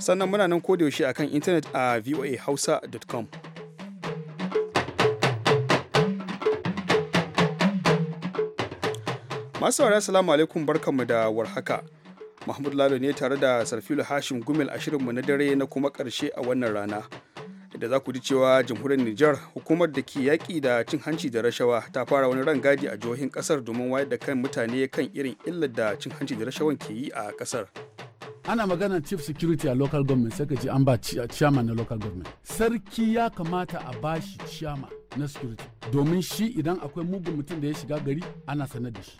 sannan muna nan kodayaushe a kan intanet a voahausa.com masu wara salamu alaikum barkanmu da warhaka mahmud lalo ne tare da sarfilu hashim gumel a mu na dare na kuma karshe a wannan rana da za ku ji cewa jamhuriyar Nijar hukumar da ke yaƙi da cin hanci da rashawa ta fara wani rangadi a jihohin ƙasar domin wayar da kan mutane kan irin illar da cin hanci da rashawan ke yi a ƙasar. ana magana chief security a local government sai ka ji an ba chairman na local government sarki ya kamata a ba shi chairman na security domin shi idan akwai mugun mutum da ya shiga gari ana sanar da shi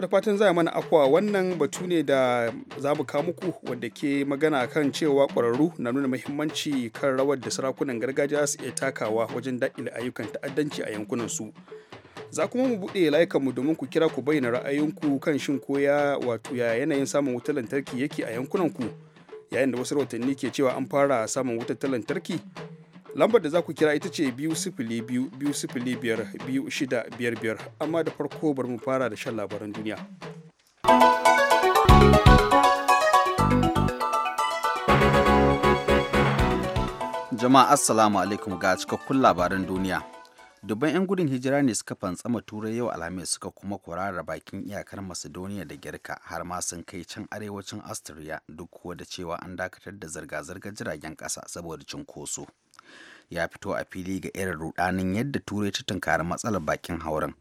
da fatan za mana akwa wannan batu ne da za mu kawo muku wanda ke magana kan cewa ƙwararru na nuna muhimmanci kan rawar da sarakunan gargajiya su iya takawa wajen daƙile ayyukan ta'addanci a yankunan su za kuma mu buɗe mu domin ku kira ku bayyana ra'ayinku kan shin koya wato ya yanayin samun wutar lantarki yake a yankunan ku yayin da wasu rahotanni ke cewa an fara samun wutar lantarki lambar da za ku kira ita ce biyu sifili biyu biyu sifili biyar biyu shida biyar biyar amma da farko bari mu fara da shan labaran duniya jama'a assalamu alaikum ga cikakkun labaran duniya dubban 'yan gudun hijira ne suka fantsama turai yau alhamis suka kuma kwarara bakin iyakar macedonia da girka har ma sun kai can arewacin austria duk kuwa da cewa an dakatar da zirga-zirgar jiragen kasa saboda cunkoso ya fito a fili ga irin rudanin yadda turai ta tunkari matsalar bakin hauren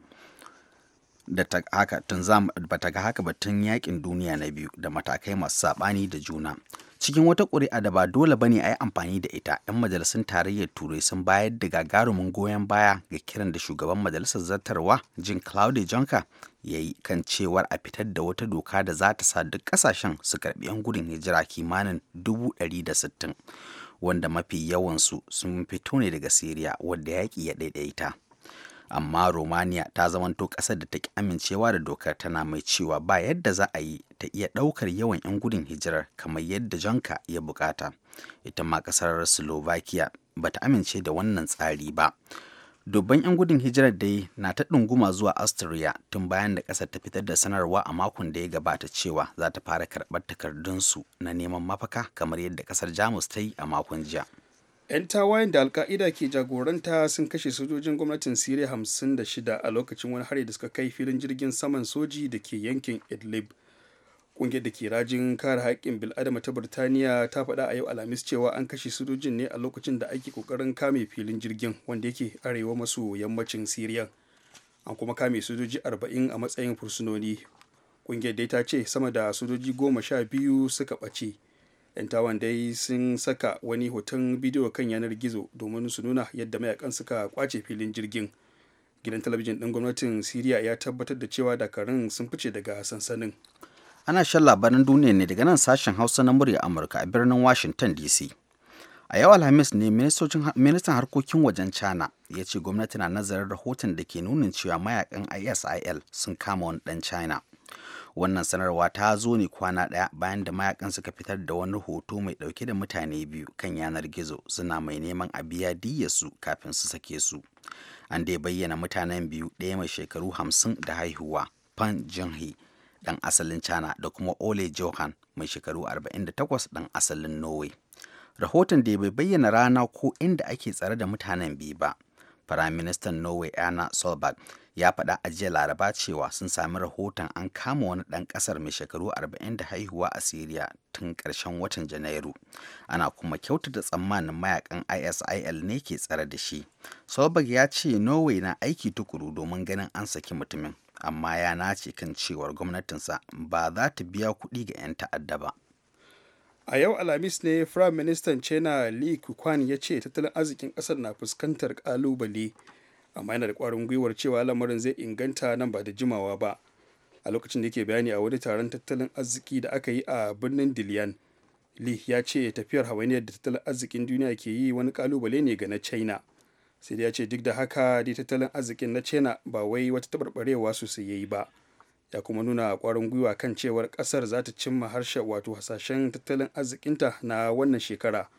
da ta haka tun ba ta ga haka batun yakin duniya na biyu da matakai masu saɓani da juna cikin wata ƙuri'a da ba dole ba ne a yi amfani da ita 'yan majalisun tarayyar turai sun bayar da gagarumin goyon baya ga kiran da shugaban majalisar zartarwa jin claude jonka ya yi kan cewar a fitar da wata doka da za ta sa duk ƙasashen su karbi 'yan gudun hijira kimanin 160 wanda mafi yawansu sun fito ne daga siriya wadda yaƙi ya ɗaiɗaita. amma romania ta zamanto ƙasar da ta ki amincewa da dokar tana mai cewa ba yadda za a yi ta iya ɗaukar yawan 'yan gudun hijirar kamar yadda jonka ya bukata ita ma ƙasar slovakia ba ta amince da wannan tsari ba dubban 'yan gudun hijirar dai na ta ɗunguma zuwa austria tun bayan da ƙasar ta fitar da sanarwa a makon da ya gabata cewa za ta fara karɓar takardunsu na neman mafaka kamar yadda ƙasar jamus ta yi a makon jiya 'yan tawayen da alka'ida ke jagoranta sun kashe sojojin gwamnatin siriya 56 a lokacin wani hari da suka kai filin jirgin saman soji da ke yankin idlib ƙungiyar da ke rajin kare haƙƙin bil'adama ta birtaniya ta faɗa a yau alhamis cewa an kashe sojojin ne a lokacin da ake ƙoƙarin kame filin jirgin wanda yake arewa maso yammacin siriya an kuma kame sojoji 40 a matsayin fursunoni ƙungiyar dai ta ce sama da sojoji goma sha biyu suka ɓace 'yan tawan dai sun saka wani hoton bidiyo kan yanar gizo domin su nuna yadda mayakan suka kwace filin jirgin gidan talabijin ɗin gwamnatin siriya ya tabbatar da cewa dakarun sun fice daga sansanin ana shan labaran duniya ne daga nan sashen hausa na murya amurka a birnin washington dc a yau alhamis ne ministan harkokin wajen china ya ce gwamnati na nazarin rahoton da ke nunin cewa mayakan isil sun kama wani dan china wannan sanarwa ta zo ne kwana ɗaya bayan da mayakan suka fitar da wani hoto mai ɗauke da mutane biyu kan yanar gizo suna mai neman a biya diyyarsu kafin su sake su an dai bayyana mutanen biyu ɗaya mai shekaru hamsin da haihuwa pan jinhi ɗan asalin china da kuma ole johan mai shekaru 48 ɗan asalin norway rahoton da bai bayyana rana ko inda ake tsare da mutanen biyu ba Firaministan Norway Erna Solberg ya faɗa a jiya laraba cewa sun sami rahoton an kama wani ɗan ƙasar mai shekaru 40 da haihuwa a siriya tun ƙarshen watan janairu ana kuma kyautata tsammanin mayakan isil ne ke tsare da shi solberg ya ce norway na aiki tukuru domin ganin an saki mutumin amma ya nace kan cewar gwamnatinsa ba za ta biya kuɗi ga 'yan ta'adda ba a yau alhamis ne firayim ministan china li kwan ya ce tattalin arzikin ƙasar na fuskantar ƙalubale amma yana da kwarin gwiwar cewa lamarin zai inganta nan ba da jimawa ba a lokacin da yake bayani a wani taron tattalin arziki da aka yi a birnin dilian li ya ce tafiyar hawainiyar da tattalin arzikin duniya ke yi wani kalubale ne ga na china sai da ya ce duk da haka dai tattalin arzikin na china ba wai wata tabarbarewa sosai ya yi ba ya kuma nuna kwarin gwiwa kan cewar kasar za ta cimma harshe wato hasashen tattalin arzikinta na wannan shekara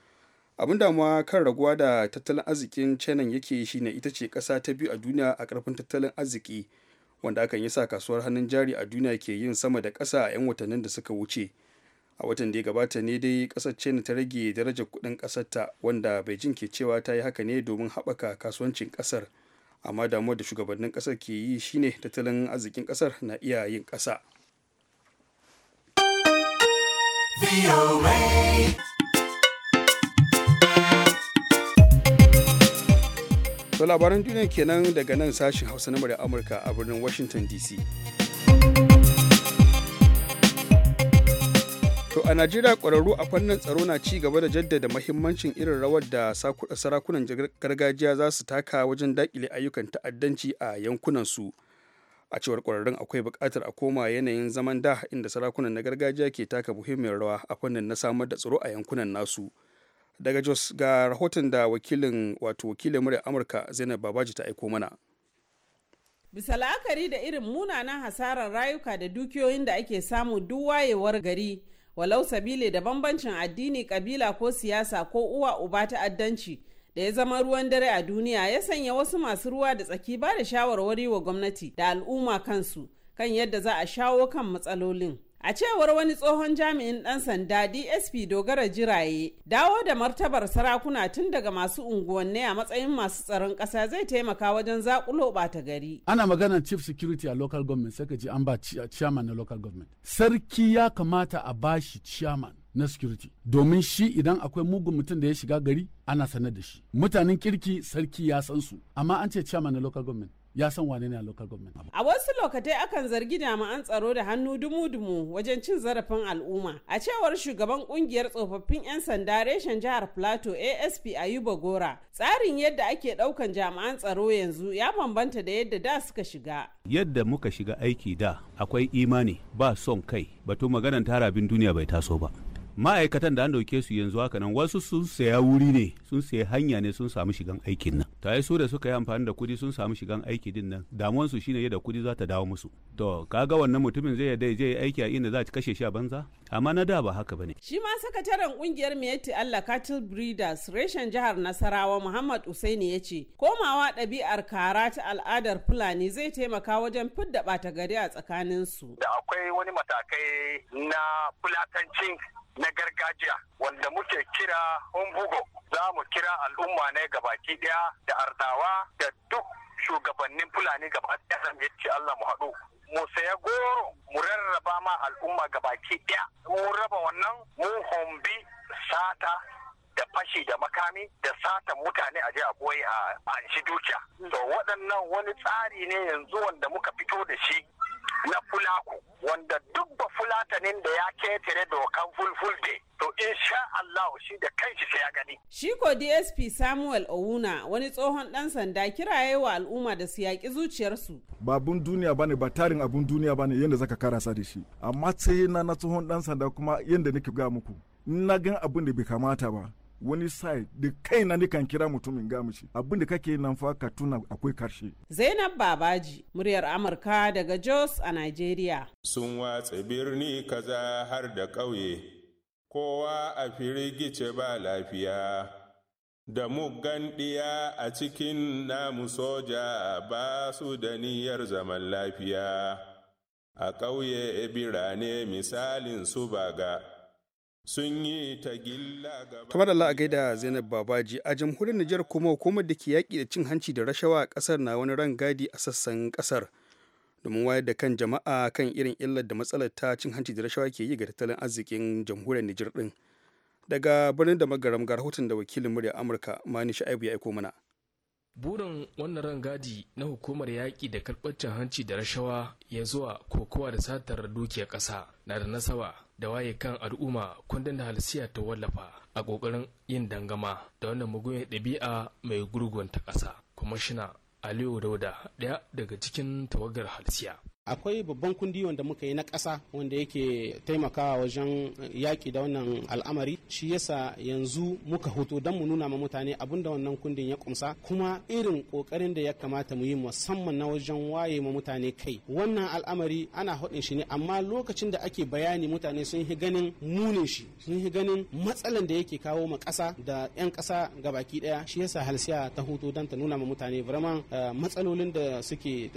abin damuwa kan raguwa da tattalin arzikin china yake shi ne ita ce ƙasa ta biyu a duniya a ƙarfin tattalin arziki wanda hakan sa kasuwar hannun jari a duniya ke yin sama da ƙasa a 'yan watannin da suka wuce a watan da ya gabata ne dai ƙasar china ta rage darajar kuɗin ƙasarta wanda beijing ke cewa ta yi haka ne domin haɓaka kasuwancin ƙasar amma damuwar da shugabannin ƙasar ke yi shine tattalin arzikin ƙasar na iya yin ƙasa. to labaran duniya kenan daga nan sashin hausa na murya amurka a birnin washington dc To a Najeriya ƙwararru a fannin tsaro na ci gaba da jaddada mahimmancin irin rawar da sarakunan gargajiya za su taka wajen daƙile ayyukan ta'addanci a yankunansu. A cewar ƙwararrun akwai buƙatar a koma yanayin zaman da inda sarakunan na gargajiya ke taka muhimmiyar rawa a fannin na samar da tsaro a yankunan nasu. daga jos ga rahoton da wakilin wato wakilin murya amurka zainab babaji ta aiko mana bisa la'akari da irin munanan hasarar rayuka da dukiyoyin da ake samu duk wayewar gari walau sabile da bambancin addini kabila ko siyasa ko uwa uba ta'addanci da ya zama ruwan dare a duniya ya sanya wasu masu ruwa da tsaki ba da shawarwari wa gwamnati da al'umma kansu kan yadda za a shawo kan matsalolin A cewar wani tsohon jami'in ɗan sanda DSP dogara jiraye, dawo da martabar sarakuna tun daga masu unguwanni a matsayin masu tsaron ƙasa zai taimaka wajen zakulo ɓata gari. Ana magana chief security a local government sai ka ji an ba chairman na local government. Sarki ya kamata a bashi chairman na security domin shi idan akwai mugun mutum da ya shiga gari ana sanar da shi. Mutanen kirki sarki ya san su amma an ce chairman na local government ya san wane ne a local government. A wasu lokatai akan zargi jami'an tsaro da hannu dumu-dumu wajen cin zarafin al'umma. A cewar shugaban kungiyar tsofaffin 'yan sanda reshen jihar Plateau ASP Ayuba Gora, tsarin yadda ake daukan jami'an tsaro yanzu ya bambanta da yadda da suka shiga. Yadda muka shiga aiki da akwai imani ba son kai batu maganan tarabin duniya bai taso ba. ma'aikatan da an dauke su yanzu haka nan wasu sun saya wuri ne sun saya hanya ne sun samu shigan aikin nan ta su da suka yi amfani da kudi sun samu shigan aiki din nan damuwan su shine yadda kudi za ta dawo musu to kaga wannan mutumin zai yadda je aiki a inda za ta kashe shi a banza amma na da ba haka bane shi ma sakataren kungiyar Miyetti Allah Cattle Breeders reshen jihar Nasarawa Muhammad Usaini ya ce komawa ɗabi'ar kara ta al'adar Fulani zai taimaka wajen fidda bata gari a tsakanin su da akwai wani matakai na fulakancin na gargajiya wanda muke kira Humbugo za mu kira al'umma ne gabaki daya da ardawa da duk shugabannin Fulani gaba daya ya ce Allah mu haɗu. Mu saya goro mu rarraba ma al'umma ga baki daya. mu raba wannan mu hombi sata da fashi da makami da satan mutane a je a boye a shi dukiya. To waɗannan wani tsari ne yanzu wanda muka fito da shi na fulaku wanda duk ba fulatanin da ya ketare dokan de to insha Allah shi da kanshi sai ya gani. Shi ko DSP Samuel Owuna wani tsohon dan sanda kiraye wa al'umma da su yaƙi zuciyarsu. Ba abun duniya bane ba tarin abun duniya bane yadda zaka karasa da shi amma sai na na tsohon dan sanda kuma yadda nake ga muku. Na gan abin da bai kamata ba wani sai da kai na kan kira mutumin ga abin da kake nan fa ka tuna akwai karshe Zainab Babaji muryar Amurka daga Jos a Nigeria sun watsa birni kaza har da ƙauye kowa a firigice ba lafiya da muggan ɗiya a cikin namu soja ba su da niyyar zaman lafiya a ƙauye birane misalin su baga sun yi ta gilla gaba. Kamar Allah a gaida Zainab Babaji a jamhuriyar Nijar kuma hukumar da ke yaƙi da cin hanci da rashawa a ƙasar na wani rangadi a sassan ƙasar. Domin wayar da kan jama'a kan irin illar da matsalar ta cin hanci da rashawa ke yi ga tattalin arzikin jamhuriyar Nijar ɗin. Daga birnin da magaram ga rahoton da wakilin murya Amurka Mani Sha'ibu ya aiko mana. burin wannan rangadi na hukumar yaƙi da karɓar hanci da rashawa ya zuwa kokowa da satar dukiyar ƙasa na da nasaba da waye kan al'umma kundin da halsiya ta wallafa a ƙoƙarin yin dangama da wannan mugun ɗabi'a mai gurgunta ƙasa kwamishina aliyu dauda ɗaya daga cikin tawagar halsiya akwai babban kundi wanda muka yi na ƙasa wanda yake taimakawa wajen yaƙi da wannan al'amari shi yasa yanzu muka hoto don mu nuna ma mutane abin da wannan kundin ya kumsa kuma irin ƙoƙarin da ya kamata mu yi musamman na wajen waye ma mutane kai wannan al'amari ana haɗin shi ne amma lokacin da ake bayani mutane sun yi ganin munin shi sun yi ganin matsalan da yake kawo ma ƙasa da 'yan ƙasa gabaki ɗaya shi yasa halsiya ta hoto don ta nuna ma mutane vraiment eh, matsalolin da suke eh,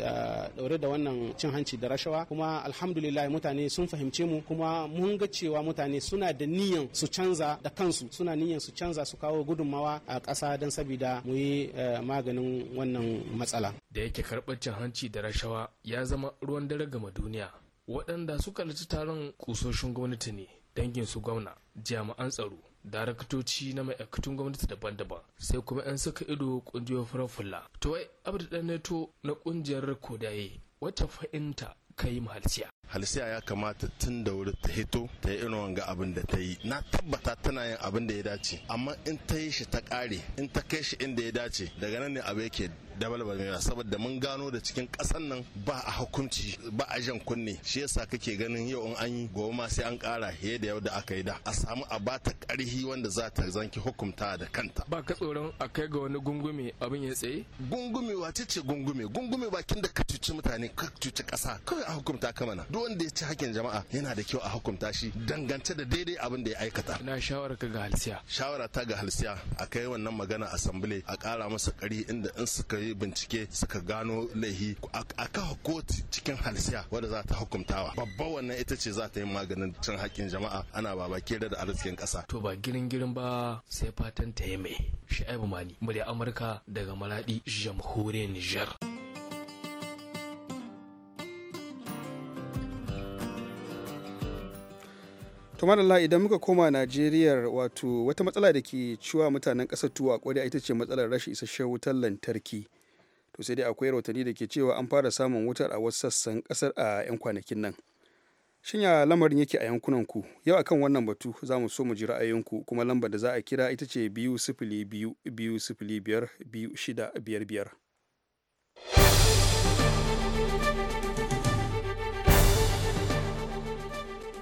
ɗaure da wannan cin hanci hanci da rashawa kuma alhamdulillah mutane sun fahimce mu kuma mun ga cewa mutane suna da niyan su canza da kansu suna niyan su canza su kawo gudunmawa a ƙasa don sabida mu yi eh, maganin wannan matsala da yake karɓar cin hanci da rashawa ya zama ruwan dare gama duniya waɗanda suka halarci taron kusoshin gwamnati ne dangin su gwamna jami'an tsaro daraktoci na ma'aikatun gwamnati daban-daban sai kuma 'yan saka ido kungiyar farar fulla to wai abdu dan neto na kungiyar kodaye wata fa'inta ka yi mahalciya halisiya ya kamata tun da wuri ta hito ta yi irin wanga abin da ta yi na tabbata tana yin abin da ya dace amma in ta yi shi ta kare in ta kai shi inda ya dace daga nan ne abu yake mera saboda mun gano da cikin kasan nan ba a hukunci ba a jan kunne shi yasa kake ganin yau in an yi gobe ma sai an kara yadda da yau da aka yi da a samu a bata ƙarhi wanda za ta zanki hukunta da kanta ba ka tsoron a kai ga wani gungume abin ya tsaye gungume wace ce gungume gungume bakin da ka cuci mutane ka cuci kasa kawai a hukunta ka mana duk wanda ya ci hakkin jama'a yana da kyau a hukunta shi dangance da daidai abin da ya aikata ina shawara ka ga halsiya shawara ta ga halsiya a kai wannan magana assembly a kara masa kari inda in suka yi bincike suka gano laihi a kawo kotu cikin halsiya wadda za ta hukuntawa babba wannan ita ce za ta yi maganin cin hakkin jama'a ana baba kera da arzikin kasa to ba girin girin ba sai fatan ta yi mai shi'aibu mani murya amurka daga maladi jamhuriyar nijar kamar Allah idan muka koma Najeriya wato wata matsala da ke ciwa mutanen ƙasar tuwa a ita ce matsalar rashin isasshen wutar lantarki to sai dai akwai rahotanni da ke cewa an fara samun wutar a wasu sassan ƙasar a 'yan kwanakin nan shin ya lamarin yake a yankunan ku yau akan wannan batu za mu so mu ji ku kuma lambar da za a kira ita ce biyu sifili biyu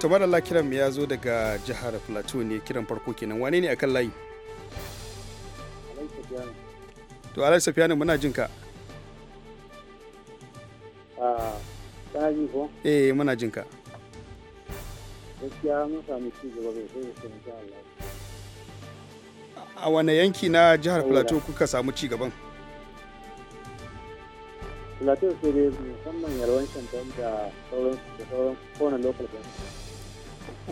tabar Allah kiran mu ya zo daga jihar Plateau ne kiran farko kenan wane ne akan layi to Alhaji Safiyanu muna jin ka ah, eh muna jin ka a wane yanki na jihar plateau kuka samu ci gaban plateau sai dai musamman yarwan don da sauran da sauran kona local government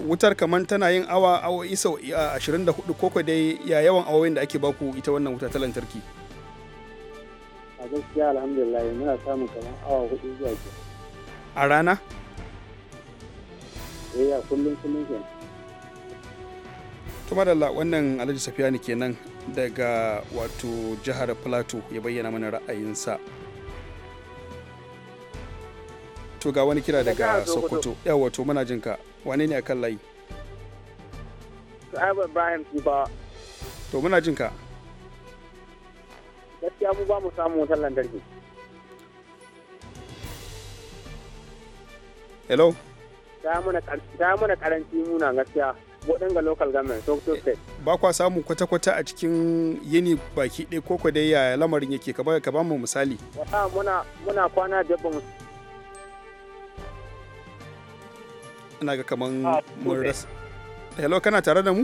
wutar kamar tana yin awa awa isa 24 ko dai ya yawan awoyin da ake baku ita wannan wuta ta lantarki a gaskiya alhamdulillah muna samun awa hudu zuwa ke a rana eh a kullum kullum ke wannan alhaji safiya ne kenan daga wato jihar plateau ya bayyana mana ra'ayinsa to ga wani kira daga sokoto yawa to muna jinka wani ne akan layi Shu'aibu Ibrahim Sifa to muna jin ka gaskiya mu ba mu samu wutar lantarki hello ta muna karanci muna gaskiya waɗin ga local government Sokoto eh, say. ba kwa samu kwata-kwata a cikin yini baki ɗaya ko dai ya lamarin yake ka ba mu misali wata muna kwana jabba ina ga kaman ah, mun rasa hello kana tare da mu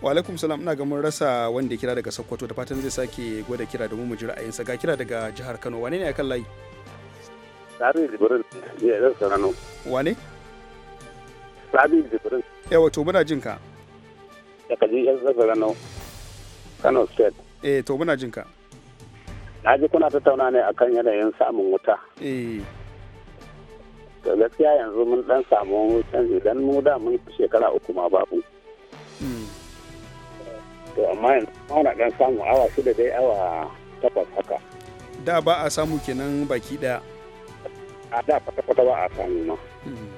wa alaikum salam ina ga mun rasa wanda ya kira daga sokoto da fatan zai sake gwada kira da mu mu ji ra'ayinsa ga kira daga jihar kano wane ne akan layi Sabi Jibrin, ya zan sanano. Wane? Sabi Jibrin. Yawa, to muna jin ka. ya jihar Zagarano, Kano State. Eh, to muna jin ka. Na ji kuna tattauna ne akan yanayin samun wuta. Eh. da gaskiya yanzu mun dan samu canji dan mu da mun shekara uku ma babu hmm. to amma yanzu ana dan samu awa shida dai awa takwas haka da ba a samu kenan baki daya a da kwata-kwata ba a samu ma hmm.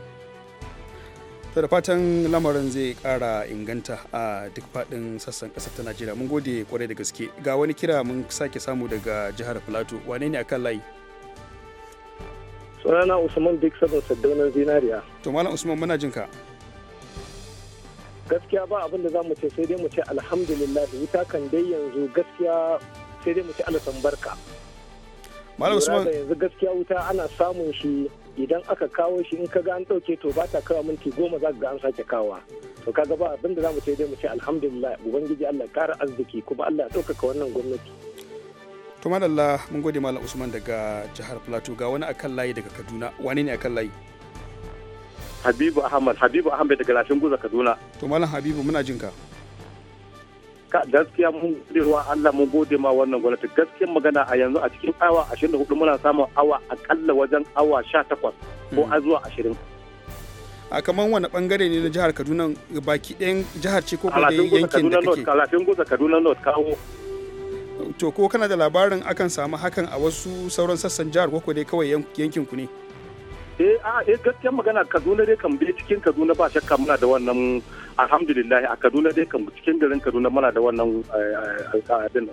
ta da fatan lamarin zai kara inganta a duk fadin sassan kasar ta najeriya mun gode kwarai da gaske ga wani kira mun sake samu daga jihar plateau wane ne akan layi sunana usman big seven saddaunan zinariya to malam usman muna jin ka gaskiya ba abin da za mu ce sai dai mu ce alhamdulillah da wuta kan dai yanzu gaskiya sai dai mu ce alasan barka malam usman yanzu gaskiya wuta ana samun shi idan aka kawo shi in kaga an dauke to ba ta kawo minti goma za ga an sake kawa to kaga ba abin da za mu ce dai mu ce alhamdulillah ubangiji Allah kara arziki kuma Allah ya ɗaukaka wannan gwamnati to madalla mun gode malam usman daga jihar plateau ga wani akan layi daga kaduna wani ne akan layi habibu ahmad habibu ahmad daga lashin guza kaduna to malam habibu muna jinka ka gaskiya mun gode Allah mun gode ma wannan gwamnati gaskiyar magana a yanzu a cikin awa 24 muna samun awa akalla wajen awa 18 ko hmm. a zuwa 20 a kamar wani bangare ne na jihar Kaduna baki ɗayan jihar ce ko kuma da yankin da kake lafin Guza Kaduna North kawo to ko kana da labarin akan samu hakan a wasu sauran sassan jihar ko dai kawai yankin ku ne eh a eh gaskiyar magana Kaduna dai kan bi cikin Kaduna ba shakka muna da wannan alhamdulillah a Kaduna dai kan cikin garin Kaduna muna da wannan eh, eh, alƙa'adin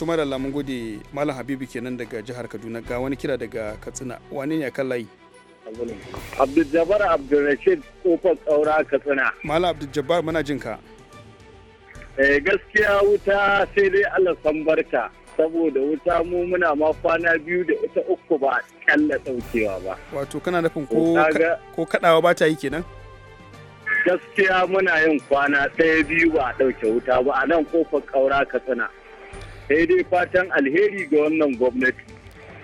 tuma da lamun gode malam habibu kenan daga jihar kaduna ga wani kira daga katsina wani ne kan layi abdul jabbar abdul rashid kofar tsaura katsina malam abdul jabbar muna jin ka Eh, gaskiya wuta sai dai Allah san barka saboda wuta mu muna ma kwana biyu da ita uku ba kalla daukewa ba. Wato kana nufin ko kaɗawa ba ta yi kenan? Gaskiya muna yin kwana ɗaya biyu ba a ɗauke wuta ba a nan kofar kaura ka tsana. Sai dai fatan alheri ga wannan gwamnati.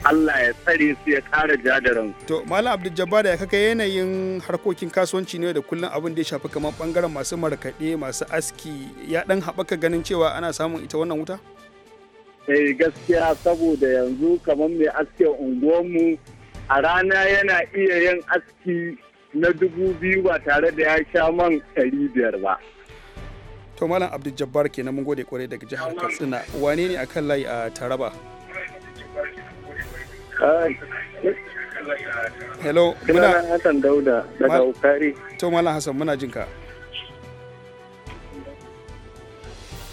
Allah ya tsare su ya kara jadaran. To Malam Abdul Jabbar ya kaka yanayin harkokin kasuwanci ne da kullum abin da ya shafi kamar bangaren masu markaɗe masu aski ya dan haɓaka ganin cewa ana samun ita wannan wuta? Eh gaskiya saboda yanzu kamar mai askin unguwarmu a rana yana iya yin aski na dubu biyu ba tare da ya sha man ɗari biyar ba. To Malam Abdul Jabbar kenan mun gode kwarai daga jihar Katsina wane ne akan layi a Taraba? hello muna Hassan Dauda daga Ukari to Malam Hassan muna jin ka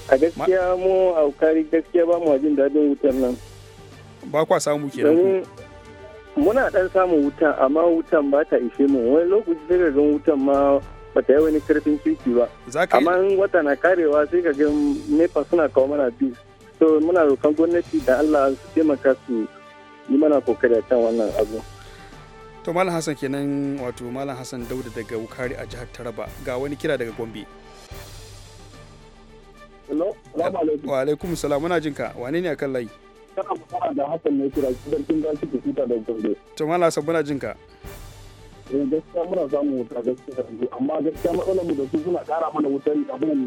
a gaskiya mu a Ukari gaskiya ba mu jin dadin wutar nan ba kwa samu nan. muna dan samun wutan amma wutan ba ta ishe mu wani lokaci daga gan wutan ma ba ta yi wani karfin kirki ba amma in wata na karewa sai ka ga nepa suna kawo mana bi so muna roƙon gwamnati da Allah su taimaka su Ni mana kokari a kan wannan abu to malam hassan kenan wato malam hassan dauda daga wukari a jihar taraba ga wani kira daga gombe wa alaikum salam muna jin ka wane ne akan layi kana magana da hassan ne kira sarkin gashi da kuta da gombe to malam hassan muna jin ka eh gaskiya muna samun wuta gaskiya amma gaskiya matsalar mu da su suna kara mana wutar abin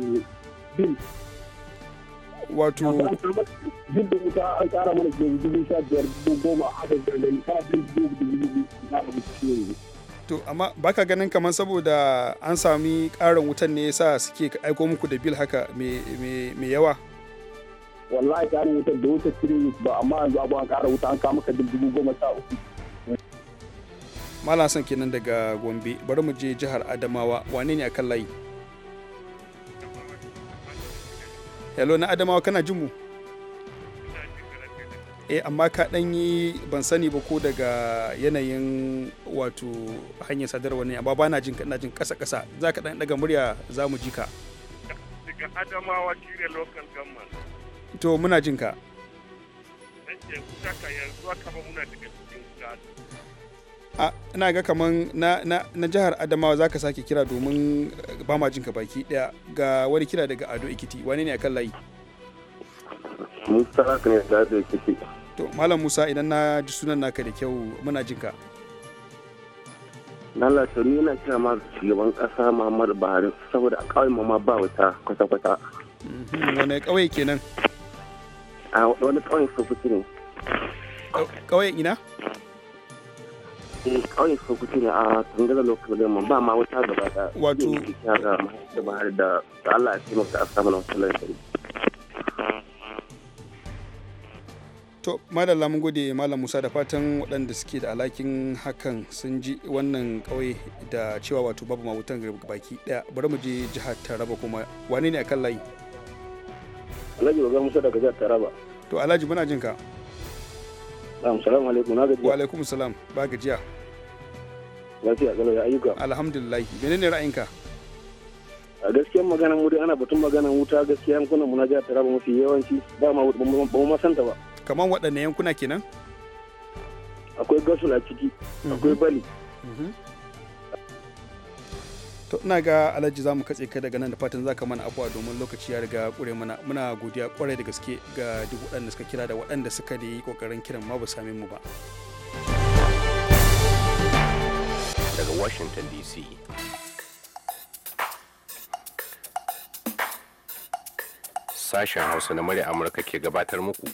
bil wato to amma baka ganin kamar saboda an sami karin wutan ne yasa suke aiko muku da bil haka mai yawa wallahi karin wutan da wuta tiri ba amma yanzu abu an kara wuta an kama ka dubu goma sha uku Malasan kenan daga Gombe bari mu je jihar Adamawa wane ne akan layi? hello na adamawa kana jin mu eh amma ka dan yi ban sani ba ko daga yanayin wato hanyar sadarwa ne amma bana jin kana jin kasa kasa za ka dan daga murya za mu ji ka daga adamawa kire local government to muna jin ka yanzu haka yanzu haka ba muna daga cikin ina ga kaman na, na, na jihar adamawa za ka sake kira domin eh, ba ma jinka baki daya ga wani kira daga ado ikiti wani ne akan layi musa ne da ado ikiti to malam musa idan na ji sunan naka da kyau muna jinka lalata ni yana kira ma shugaban kasa muhammadu buhari saboda a kawai ma ba wuta kwata-kwata mhm, wani kawai kenan a wani kawai sofuki ne kawai ina kawai su ne a tangazar lokacin da ba ma wuta gaba da wato da bahar da Allah ya taimaka a samu na wutar lantarki. To, madalla mun gode Malam Musa da fatan waɗanda suke da alakin hakan sun ji wannan ƙauye da cewa wato babu ma wutan baki ɗaya bari mu je jihar Taraba kuma wane ne a kan layi? Alhaji Bagan Musa daga jihar Taraba. To Alhaji muna jin ka. Salamu alaikum na gajiya. Wa alaikum salam ba gajiya. Lafiya kalau ya ayyuka. Alhamdulillah menene ra'ayinka? a gaskiyar magana mu dai ana batun magana wuta gaskiya yankuna mu na jihar Taraba mafi yawanci ba ma ba ma santa ba. Kamar waɗanne yankuna kenan? Akwai Gasul a ciki, mhm. akwai Bali, mhm. to ina ga alhaji zamu mu katse ka daga nan da fatan za ka mana abuwa domin lokaci ya riga kure mana muna godiya kwarai da gaske ga duk waɗanda suka kira da waɗanda suka da yi ƙoƙarin kiran ma ba same mu ba daga washington dc sashen hausa na murya amurka ke gabatar muku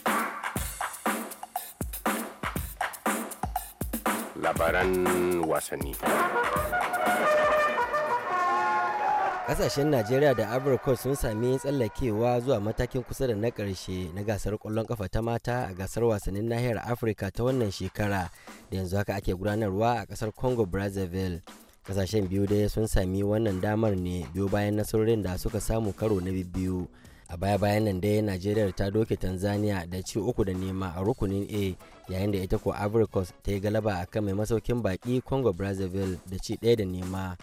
labaran wasanni Kasashen Najeriya da Ivory sun sami tsallakewa zuwa matakin kusa da na karshe na gasar kwallon kafa ta mata a gasar wasannin nahiyar Afirka ta wannan shekara da yanzu haka ake gudanarwa a kasar Congo Brazzaville. Kasashen biyu dai sun sami wannan damar ne biyu bayan nasarorin da suka samu karo na biyu. a baya bayan nan dai najeriya ta doke tanzania da ci uku da nema a rukunin a yayin da ita ko ivory ta yi galaba akan mai masaukin baki congo brazzaville da ci daya da nema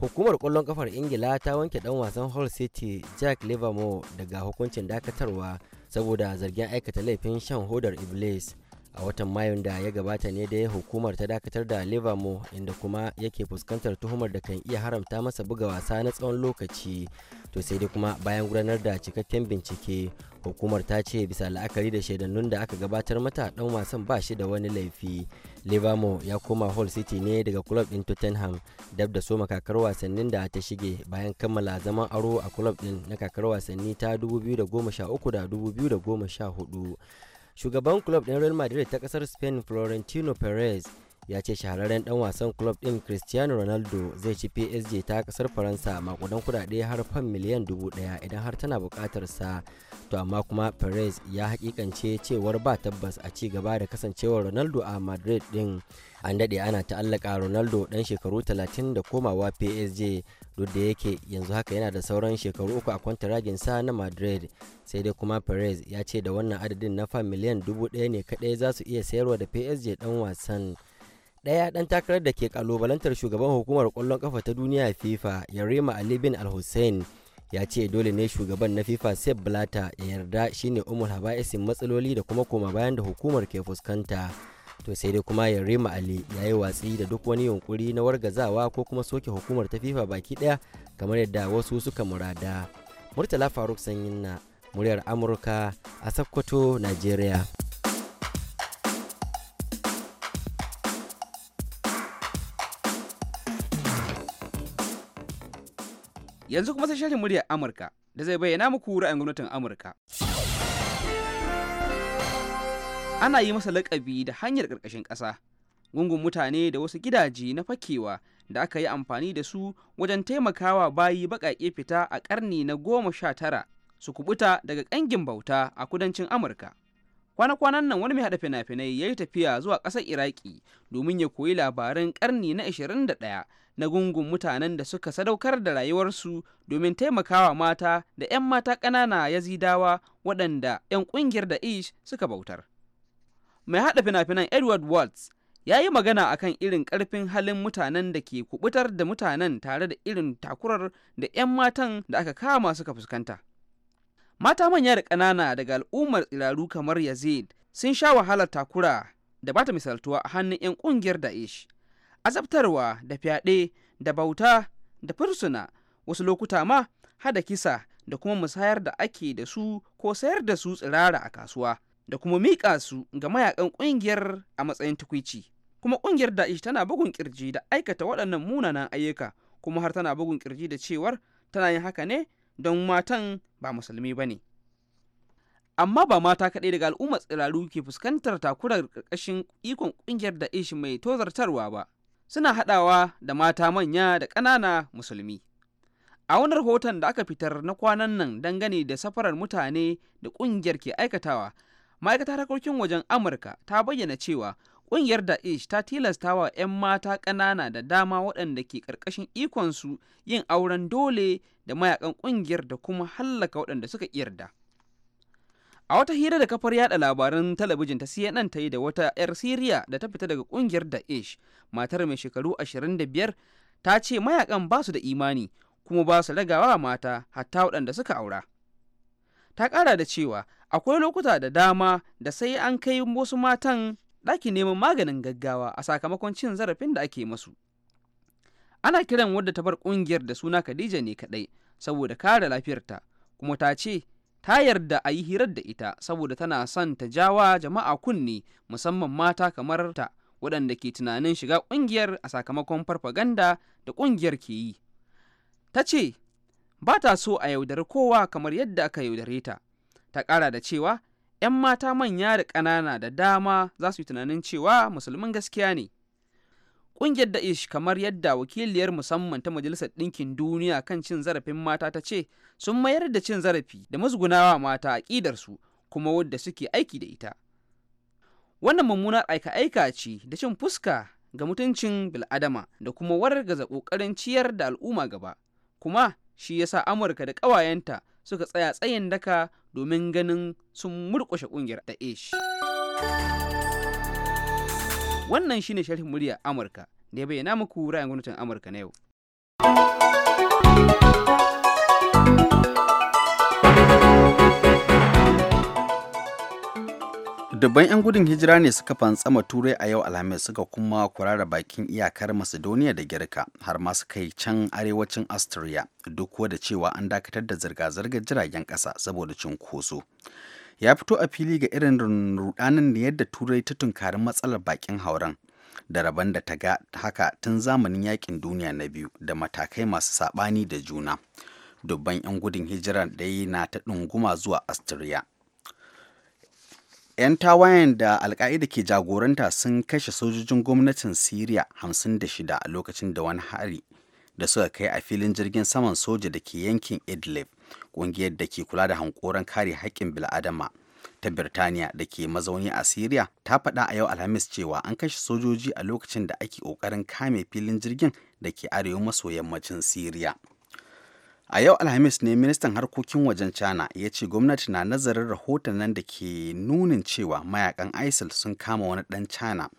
hukumar kwallon kafar ingila ta wanke dan wasan hull city jack livermore daga hukuncin dakatarwa saboda zargin aikata laifin shan hodar iblis a watan mayun da ya gabata ne da hukumar ta dakatar da livermore inda kuma yake fuskantar tuhumar da kan iya haramta masa buga wasa na tsawon lokaci to sai dai kuma bayan gudanar da cikakken bincike hukumar ta ce bisa la'akari da shaidannun da aka gabatar mata dan wasan ba shi da wani laifi livermore ya koma hull city ne daga club din tottenham dab da soma kakar wasannin da ta shige bayan kammala zaman aro a club din na kakar wasanni ta 2013 da 2014 shugaban club ɗin real madrid ta ƙasar spain florentino perez ya ce shahararren dan wasan club din cristiano ronaldo zai ci psg ta kasar faransa makudan kudade har fan miliyan dubu daya idan har tana bukatar sa to amma kuma perez ya hakikance cewar ba tabbas a ci gaba da kasancewar ronaldo a madrid din an dade ana ta'allaka ronaldo dan shekaru talatin da komawa psg duk da yake yanzu haka yana da sauran shekaru uku a kwantaragin sa na madrid sai dai kuma perez ya ce da wannan adadin na fan miliyan dubu ɗaya ne kadai za su iya sayarwa da psg dan wasan ɗaya ɗan takarar da ke kalubalantar shugaban hukumar ƙwallon ƙafa ta duniya fifa yarima ali bin al hussein ya ce dole ne shugaban na fifa sep blata ya yarda shine Haba haba'isin matsaloli da kuma koma bayan da hukumar ke fuskanta to sai dai kuma yarima ali ya yi watsi da duk wani yunkuri na wargazawa ko kuma soke hukumar ta fifa baki ɗaya kamar yadda wasu suka murada murtala faruk sanyin na muryar amurka a sakkwato nigeria Yanzu kuma sai shirin muryar Amurka da zai bayyana muku ra'ayin gwamnatin Amurka. Ana yi masa lakabi da hanyar ƙarƙashin ƙasa. Gungun mutane da wasu gidaje na fakewa da aka yi amfani da su wajen taimakawa bayi baƙaƙe fita a ƙarni na goma sha tara su kubuta daga ƙangin bauta a kudancin Amurka. Kwana-kwanan nan wani mai haɗa fina-finai ya yi tafiya zuwa ƙasar Iraki domin ya koyi labaran ƙarni na 21 na gungun mutanen da suka sadaukar da rayuwarsu domin taimakawa mata da 'yan mata ƙanana yazidawa waɗanda 'yan ƙungiyar da ish suka bautar. Mai haɗa fina-finan Edward Waltz ya yi magana akan irin ƙarfin halin mutanen da ke kubutar da mutanen tare da irin takurar da 'yan matan da aka kama suka fuskanta. Mata manya da ƙanana daga al'ummar tsiraru kamar Yazid sun sha wahalar takura da ba ta misaltuwa a hannun 'yan ƙungiyar Daesh. azabtarwa da fyaɗe da bauta da fursuna wasu lokuta ma hada kisa da kuma musayar da ake da su ko sayar da su tsirara a kasuwa da kuma miƙa su ga mayakan ƙungiyar a matsayin tukwici kuma ƙungiyar da ishi tana bugun ƙirji da aikata waɗannan munanan ayyuka kuma har tana bugun ƙirji da cewar tana yin haka ne don matan ba musulmi ba ne amma ba mata kaɗai daga al'ummar tsiraru ke fuskantar takurar ƙarƙashin ikon ƙungiyar da ishi mai tozartarwa ba suna haɗawa da mata manya da ƙanana musulmi. A wani rahoton da aka fitar na kwanan nan dangane da safarar mutane da ƙungiyar ke aikatawa, ma'aikatar harkokin wajen Amurka ta bayyana cewa ƙungiyar Daesh ta tilasta wa 'yan mata ƙanana da dama waɗanda ke ƙarƙashin ikonsu yin auren dole da mayakan ƙungiyar da kuma hallaka waɗanda suka yarda. A wata hira da kafar yada labaran talabijin ta CNN ta yi da wata 'yar Siriya da ta fita daga kungiyar Daesh, matar mai shekaru 25 ta ce mayakan ba su da imani kuma ba su ragawa mata hatta waɗanda suka aura. Ta ƙara da cewa akwai lokuta da dama da sai an kai wasu matan ɗakin neman maganin gaggawa a sakamakon cin zarafin da ake masu. Ana kiran wadda ta bar ƙungiyar da suna Khadija ne kaɗai saboda kare lafiyarta kuma ta ce ta yarda a yi hirar da ita saboda tana son ta jawa jama'a kunni musamman mata kamar ta waɗanda ke tunanin shiga ƙungiyar a sakamakon farfaganda da ƙungiyar ke yi ta ce ba ta so a yaudari kowa kamar yadda aka yaudare ta ta ƙara da cewa 'yan mata manya da ƙanana da dama za su yi tunanin cewa musulmin gaskiya ne Ƙungiyar Da'ish kamar yadda wakiliyar musamman ta Majalisar Ɗinkin Duniya kan cin zarafin mata ta ce sun mayar da cin zarafi da musgunawa mata a ƙidarsu kuma wadda suke aiki da ita. Wannan mummunar aika-aika ce da cin fuska ga mutuncin bil'adama da kuma wargaza ƙoƙarin ciyar da al'umma gaba. Kuma shi yasa Amurka da ƙawayenta suka tsaya tsayin daka domin ganin sun murƙushe ƙungiyar Da'ish. Wannan shine sharhin murya Amurka da ya bayyana muku ra'ayin gwamnatin Amurka na yau. Dubban 'yan gudun hijira ne suka fantsama turai a yau alhamis suka kuma kurara bakin iyakar Macedonia da Girka har ma suka yi can arewacin Austria duk da cewa an dakatar da zirga-zirgar jiragen ƙasa saboda cunkoso. ya fito a fili ga irin rudanin da yadda turai ta tunkari matsalar bakin hauren da rabon da ta ga haka tun zamanin yakin duniya na biyu da matakai masu saɓani da juna dubban 'yan gudun hijira da yi na ta ɗunguma zuwa austria. 'Yan tawayen da alka'ida ke jagoranta sun kashe sojojin gwamnatin Siriya 56 a lokacin da wani hari da suka kai a filin jirgin saman soja da ke yankin idlib ƙungiyar da ke kula da hankoran kare haƙƙin bil'adama ta birtaniya da ke mazauni a syria ta faɗa a yau alhamis cewa an kashe sojoji a lokacin da ake ƙoƙarin kame filin jirgin da ke arewa maso yammacin syria a yau alhamis ne ministan harkokin wajen china ya ce gwamnati na nazarin rahoton nan da ke nunin cewa mayakan isil sun kama wani dan china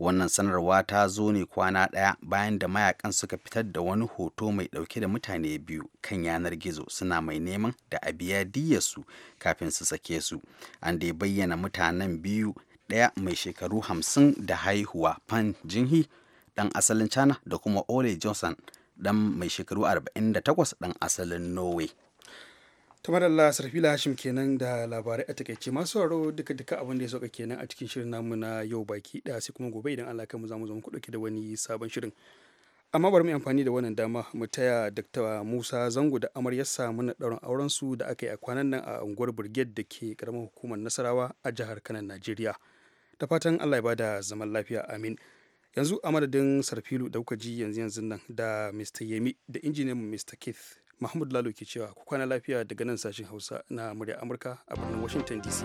wannan sanarwa ta zo ne kwana ɗaya bayan da mayakan suka fitar da wani hoto mai ɗauke da mutane biyu kan yanar gizo suna mai neman da a biya su kafin su sake su an dai bayyana mutanen biyu ɗaya mai shekaru hamsin da haihuwa pan jinhi ɗan asalin china da kuma ole johnson ɗan mai shekaru 48 ɗan asalin norway ta madalla sarfi hashim kenan da labarai a takaice masu sauraro duka duka abin da ya sauka kenan a cikin shirin namu na yau baki ɗaya sai kuma gobe idan allah mu za mu zama ku da wani sabon shirin amma bari mu amfani da wannan dama mu taya dr musa zango da amaryarsa muna ɗaurin auren su da aka yi a kwanan nan a unguwar brigade da ke karamar hukumar nasarawa a jihar kanan najeriya da fatan allah ya bada zaman lafiya amin yanzu a madadin sarfilu da kuka ji yanzu yanzu nan da mr yemi da injiniyan mr keith mahmud lalo ke cewa ku kwana lafiya daga nan sashen hausa na murya amurka a birnin washington dc